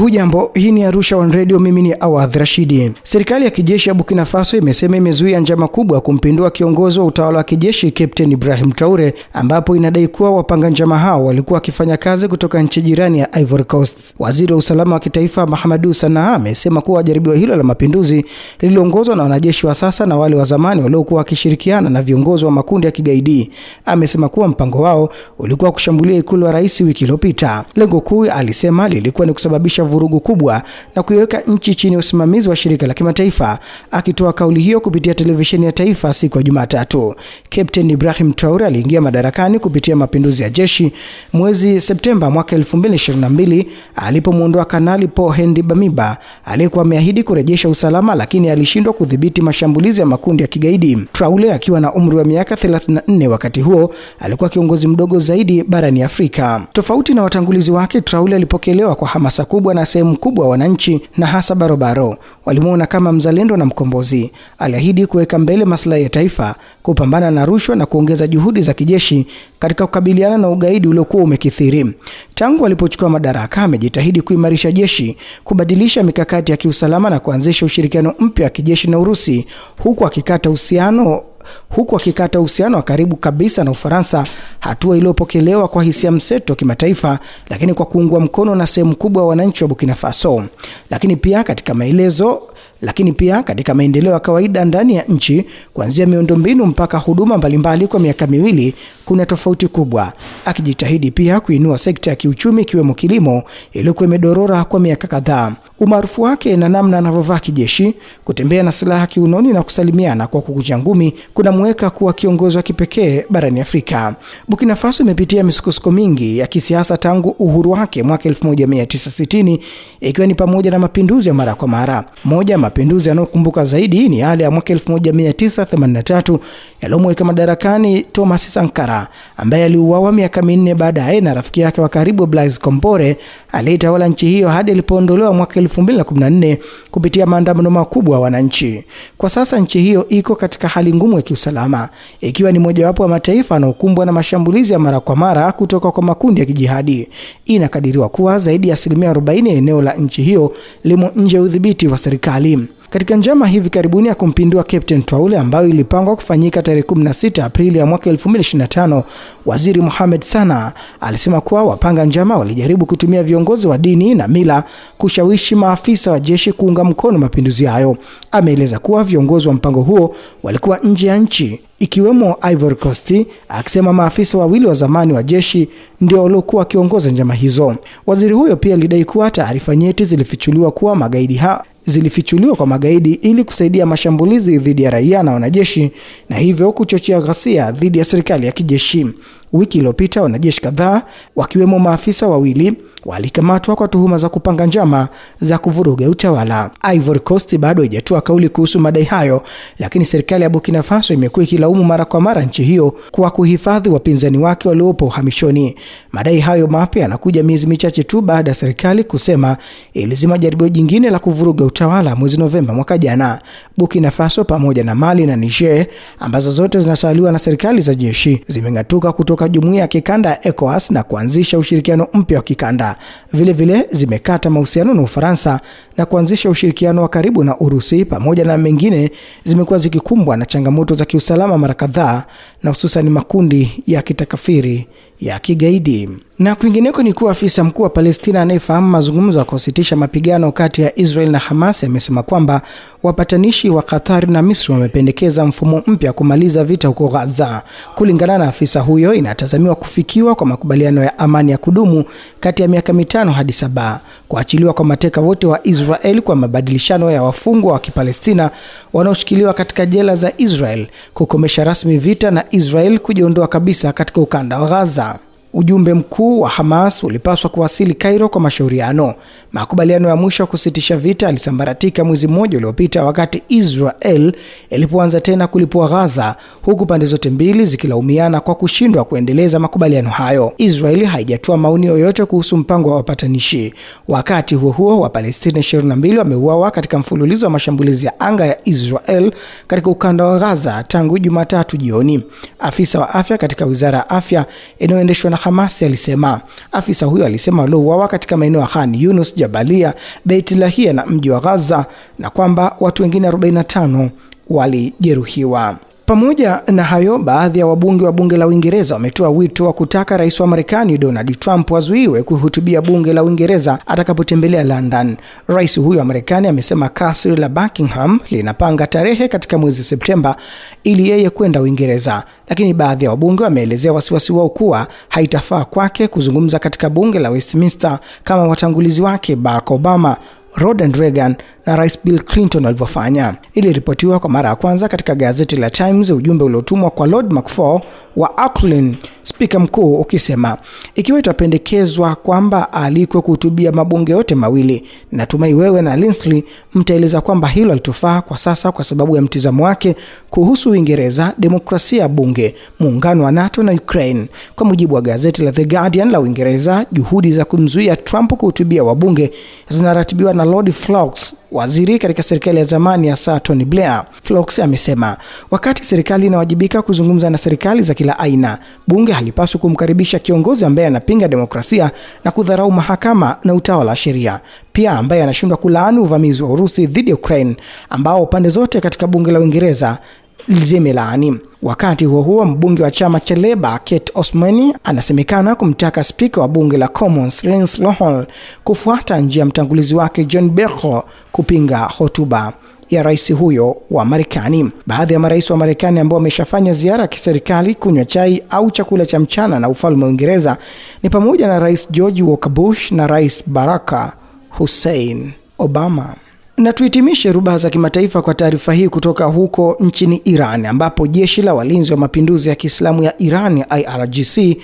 Hujambo, hii ni Arusha One Radio, mimi ni Awadh Rashidi. Serikali ya kijeshi ya Burkina Faso imesema imezuia njama kubwa kumpindua kiongozi wa utawala wa kijeshi Captain Ibrahim Traore, ambapo inadai kuwa wapanga njama hao walikuwa wakifanya kazi kutoka nchi jirani ya Ivory Coast. Waziri wa usalama wa kitaifa Mahamadou Sanaa amesema kuwa jaribio hilo la mapinduzi liliongozwa na wanajeshi wa sasa na wale wa zamani waliokuwa wakishirikiana na viongozi wa makundi ya kigaidi. Amesema kuwa mpango wao ulikuwa kushambulia ikulu ya rais wiki iliyopita. Lengo kuu, alisema, lilikuwa ni kusababisha vurugu kubwa na kuiweka nchi chini ya usimamizi wa shirika la kimataifa. Akitoa kauli hiyo kupitia televisheni ya taifa siku ya Jumatatu, Captain Ibrahim Traore aliingia madarakani kupitia mapinduzi ya jeshi mwezi Septemba mwaka 2022 alipomuondoa Kanali Paul Henri Bamiba aliyekuwa ameahidi kurejesha usalama, lakini alishindwa kudhibiti mashambulizi ya makundi ya kigaidi. Traore akiwa na umri wa miaka 34 wakati huo alikuwa kiongozi mdogo zaidi barani Afrika. Tofauti na watangulizi wake, Traore alipokelewa kwa hamasa kubwa na na sehemu kubwa ya wananchi na hasa barobaro walimwona kama mzalendo na mkombozi. Aliahidi kuweka mbele maslahi ya taifa, kupambana na rushwa na kuongeza juhudi za kijeshi katika kukabiliana na ugaidi uliokuwa umekithiri. Tangu alipochukua madaraka, amejitahidi kuimarisha jeshi, kubadilisha mikakati ya kiusalama na kuanzisha ushirikiano mpya wa kijeshi na Urusi, huku akikata uhusiano huku akikata uhusiano wa karibu kabisa na Ufaransa, hatua iliyopokelewa kwa hisia mseto kimataifa, lakini kwa kuungwa mkono na sehemu kubwa ya wananchi wa Burkina Faso. Lakini pia katika maelezo lakini pia katika maendeleo ya kawaida ndani ya nchi kuanzia miundombinu mpaka huduma mbalimbali kwa miaka miwili kuna tofauti kubwa, akijitahidi pia kuinua sekta ya kiuchumi ikiwemo kilimo iliyokuwa imedorora kwa miaka kadhaa. Umaarufu wake na namna anavyovaa kijeshi, kutembea na silaha kiunoni na kusalimiana kwa kukunja ngumi kunamweka kuwa kiongozi wa kipekee barani Afrika. Burkina Faso imepitia misukosuko mingi ya kisiasa tangu uhuru wake mwaka 1960 ikiwa ni pamoja na mapinduzi ya mara kwa mara moja mapinduzi yanayokumbuka zaidi ni yale ya mwaka 1983 yaliyomweka madarakani Thomas Sankara ambaye aliuawa miaka minne baadaye na rafiki yake wa karibu Blaise Compaore aliyetawala nchi hiyo hadi alipoondolewa mwaka 2014 kupitia maandamano makubwa ya wananchi. Kwa sasa nchi hiyo iko katika hali ngumu ya kiusalama, ikiwa ni mojawapo ya mataifa yanayokumbwa na mashambulizi ya mara kwa mara kutoka kwa makundi ya kijihadi. Inakadiriwa kuwa zaidi ya asilimia 40 ya eneo la nchi hiyo limo nje ya udhibiti wa serikali. Katika njama hivi karibuni ya kumpindua Captain Twaule ambayo ilipangwa kufanyika tarehe 16 Aprili ya mwaka 2025, Waziri Mohamed Sana alisema kuwa wapanga njama walijaribu kutumia viongozi wa dini na mila kushawishi maafisa wa jeshi kuunga mkono mapinduzi hayo. Ameeleza kuwa viongozi wa mpango huo walikuwa nje ya nchi ikiwemo Ivory Coast, akisema maafisa wawili wa zamani wa jeshi ndio waliokuwa wakiongoza njama hizo. Waziri huyo pia alidai kuwa taarifa nyeti zilifichuliwa kuwa magaidi ha zilifichuliwa kwa magaidi ili kusaidia mashambulizi dhidi ya raia na wanajeshi na hivyo kuchochea ghasia dhidi ya serikali ya kijeshi. Wiki iliyopita wanajeshi kadhaa wakiwemo maafisa wawili walikamatwa kwa tuhuma za kupanga njama za kuvuruga utawala. Ivory Coast bado haijatoa kauli kuhusu madai hayo, lakini serikali ya Burkina Faso imekuwa ikilaumu mara kwa mara nchi hiyo kwa kuhifadhi wapinzani wake waliopo uhamishoni. Madai hayo mapya yanakuja miezi michache tu baada ya serikali kusema ilizima jaribio jingine la kuvuruga utawala mwezi Novemba mwaka jana. Burkina Faso pamoja na Mali na Niger ambazo zote zinasaliwa na serikali za jeshi zimeng'atuka kutoka kutoka jumuiya ya kikanda ya ECOWAS na kuanzisha ushirikiano mpya wa kikanda. Vilevile vile zimekata mahusiano na Ufaransa na kuanzisha ushirikiano wa karibu na Urusi, pamoja na mengine, zimekuwa zikikumbwa na changamoto za kiusalama mara kadhaa, na hususan makundi ya kitakafiri ya kigaidi. Na kwingineko ni kuwa afisa mkuu wa Palestina anayefahamu mazungumzo ya kusitisha mapigano kati ya Israel na Hamas amesema kwamba wapatanishi wa Qatar na Misri wamependekeza mfumo mpya kumaliza vita huko Gaza. Kulingana na afisa huyo, inatazamiwa kufikiwa kwa makubaliano ya amani ya kudumu kati ya miaka mitano hadi saba, kuachiliwa kwa mateka wote wa Israel kwa mabadilishano ya wafungwa wa Kipalestina wanaoshikiliwa katika jela za Israel, kukomesha rasmi vita na Israel kujiondoa kabisa katika ukanda wa Gaza. Ujumbe mkuu wa Hamas ulipaswa kuwasili Cairo kwa mashauriano. Makubaliano ya mwisho kusitisha vita alisambaratika mwezi mmoja uliopita wakati Israel ilipoanza tena kulipua Gaza, huku pande zote mbili zikilaumiana kwa kushindwa kuendeleza makubaliano hayo. Israel haijatoa maoni yoyote kuhusu mpango wa wapatanishi. Wakati huo huo, Wapalestina 22 wameuawa katika mfululizo wa mashambulizi ya anga ya Israel katika ukanda wa Gaza tangu Jumatatu jioni. Afisa wa afya katika wizara ya afya inayoendeshwa na Hamasi alisema. Afisa huyo alisema waliouawa katika maeneo ya Khan Yunus, Jabalia, Beit Lahia na mji wa Gaza, na kwamba watu wengine 45 walijeruhiwa. Pamoja na hayo, baadhi ya wabunge wa bunge la Uingereza wametoa wito wa kutaka rais wa Marekani Donald Trump azuiwe kuhutubia bunge la Uingereza atakapotembelea London. Rais huyo wa Marekani amesema kasri la Buckingham linapanga tarehe katika mwezi Septemba ili yeye kwenda Uingereza, lakini baadhi ya wabunge wameelezea wasiwasi wao kuwa haitafaa kwake kuzungumza katika bunge la Westminster kama watangulizi wake Barack Obama, Ronald Reagan na Rais Bill Clinton alivyofanya. Iliripotiwa kwa mara ya kwanza katika gazeti la Times, ujumbe uliotumwa kwa Lord Macfall wa Auckland, spika mkuu, ukisema ikiwa itapendekezwa kwamba alikwe kuhutubia mabunge yote mawili, natumai wewe na Linsley mtaeleza kwamba hilo alitofaa kwa sasa kwa sababu ya mtizamo wake kuhusu Uingereza, demokrasia ya bunge, muungano wa NATO na Ukraine. Kwa mujibu wa gazeti la The Guardian la Uingereza, juhudi za kumzuia Trump kuhutubia wabunge zinaratibiwa na Lord Flocks Waziri katika serikali ya zamani ya Sir Tony Blair, Flox amesema wakati serikali inawajibika kuzungumza na serikali za kila aina, bunge halipaswi kumkaribisha kiongozi ambaye anapinga demokrasia na kudharau mahakama na utawala wa sheria, pia ambaye anashindwa kulaani uvamizi wa Urusi dhidi ya Ukraine ambao pande zote katika bunge la Uingereza zimelaani. Wakati huo huo, mbunge wa chama cha Leba Kate Osmani anasemekana kumtaka spika wa bunge la Commons Lindsay Lohol kufuata njia ya mtangulizi wake John Bercow kupinga hotuba ya rais huyo wa Marekani. Baadhi ya marais wa Marekani ambao wameshafanya ziara ya kiserikali kunywa chai au chakula cha mchana na ufalme wa Uingereza ni pamoja na Rais George Walker Bush na Rais Baraka Hussein Obama. Na tuhitimishe rubaha za kimataifa kwa taarifa hii kutoka huko nchini Iran ambapo jeshi la walinzi wa mapinduzi ya Kiislamu ya Iran IRGC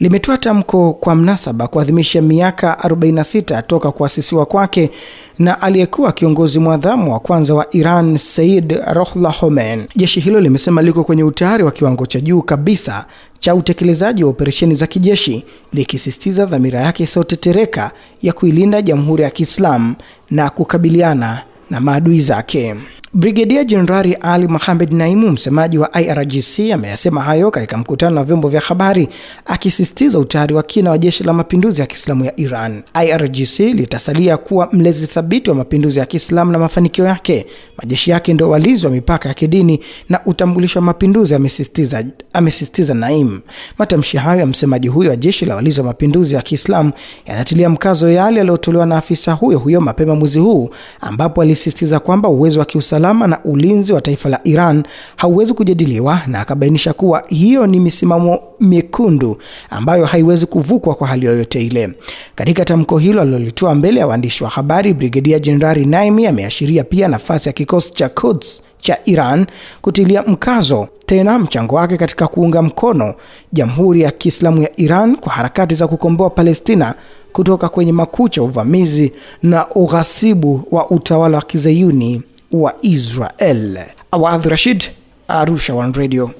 limetoa tamko kwa mnasaba kuadhimisha miaka 46 toka kuasisiwa kwake na aliyekuwa kiongozi mwadhamu wa kwanza wa Iran Said rohla homen Jeshi hilo limesema liko kwenye utayari wa kiwango cha juu kabisa cha utekelezaji wa operesheni za kijeshi, likisisitiza dhamira yake isiyotetereka ya kuilinda Jamhuri ya Kiislamu na kukabiliana na maadui zake. Brigedia Jenerali Ali Mohamed Naimu, msemaji wa IRGC, ameyasema hayo katika mkutano na vyombo vya habari, akisisitiza utayari wa kina wa jeshi la mapinduzi ya Kiislamu ya Iran. IRGC litasalia kuwa mlezi thabiti wa mapinduzi ya Kiislamu na mafanikio yake. Majeshi yake ndio walinzi wa mipaka ya kidini na utambulisho wa mapinduzi, amesisitiza amesisitiza Naimu. Matamshi hayo ya msemaji huyo wa jeshi la walinzi wa mapinduzi ya Kiislamu yanatilia mkazo yale yaliyotolewa na afisa huyo huyo mapema mwezi huu, ambapo alisisitiza kwamba uwezo wa kiusalama usalama na ulinzi wa taifa la Iran hauwezi kujadiliwa, na akabainisha kuwa hiyo ni misimamo mekundu ambayo haiwezi kuvukwa kwa hali yoyote ile. Katika tamko hilo alilolitoa mbele ya waandishi wa habari, Brigedia Jenerali Naimi ameashiria pia nafasi ya kikosi cha Quds cha Iran kutilia mkazo tena mchango wake katika kuunga mkono Jamhuri ya Kiislamu ya Iran kwa harakati za kukomboa Palestina kutoka kwenye makucha uvamizi na ughasibu wa utawala wa Kizayuni wa Israel. Awadh Rashid, Arusha One Radio.